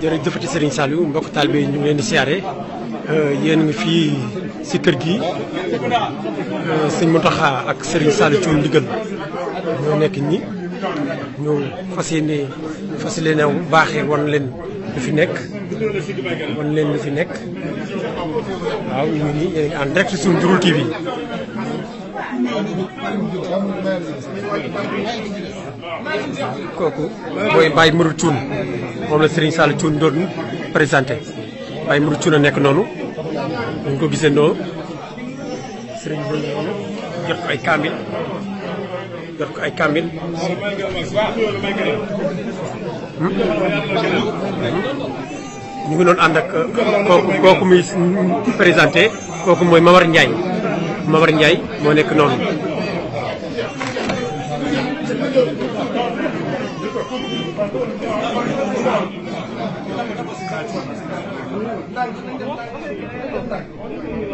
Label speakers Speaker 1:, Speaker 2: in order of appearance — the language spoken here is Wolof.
Speaker 1: jërëjëfati sëriñ Saliou mbokk taalibe yi ñu ngi leen di siyaare euh, yéen ngi fii si kër gi mu euh, Mountakha ak Serigne Saliou ci ndigal ñoo nekk ñi ñu fas yéene fas yéene baaxee wan leen lu fi nekk wan leen lu fi nekk waaw ñu nii yéen ngi en direct suñu Jurul TV kooku mooy Baye Mourou Thioune moom la Serigne Sall Thioune doon présenté Baye Mourou Thioune a nekk noonu dañ ko gisandoo sëriñ bi jot ko ay kaamil jot ko ay kaamil. Hmm? Hmm? Hmm? ñu ngi doon ànd ak uh, kooku kooku muy présenté kooku mooy Mamar Ndiaye. Mamar Ndiaye moo nekk noonu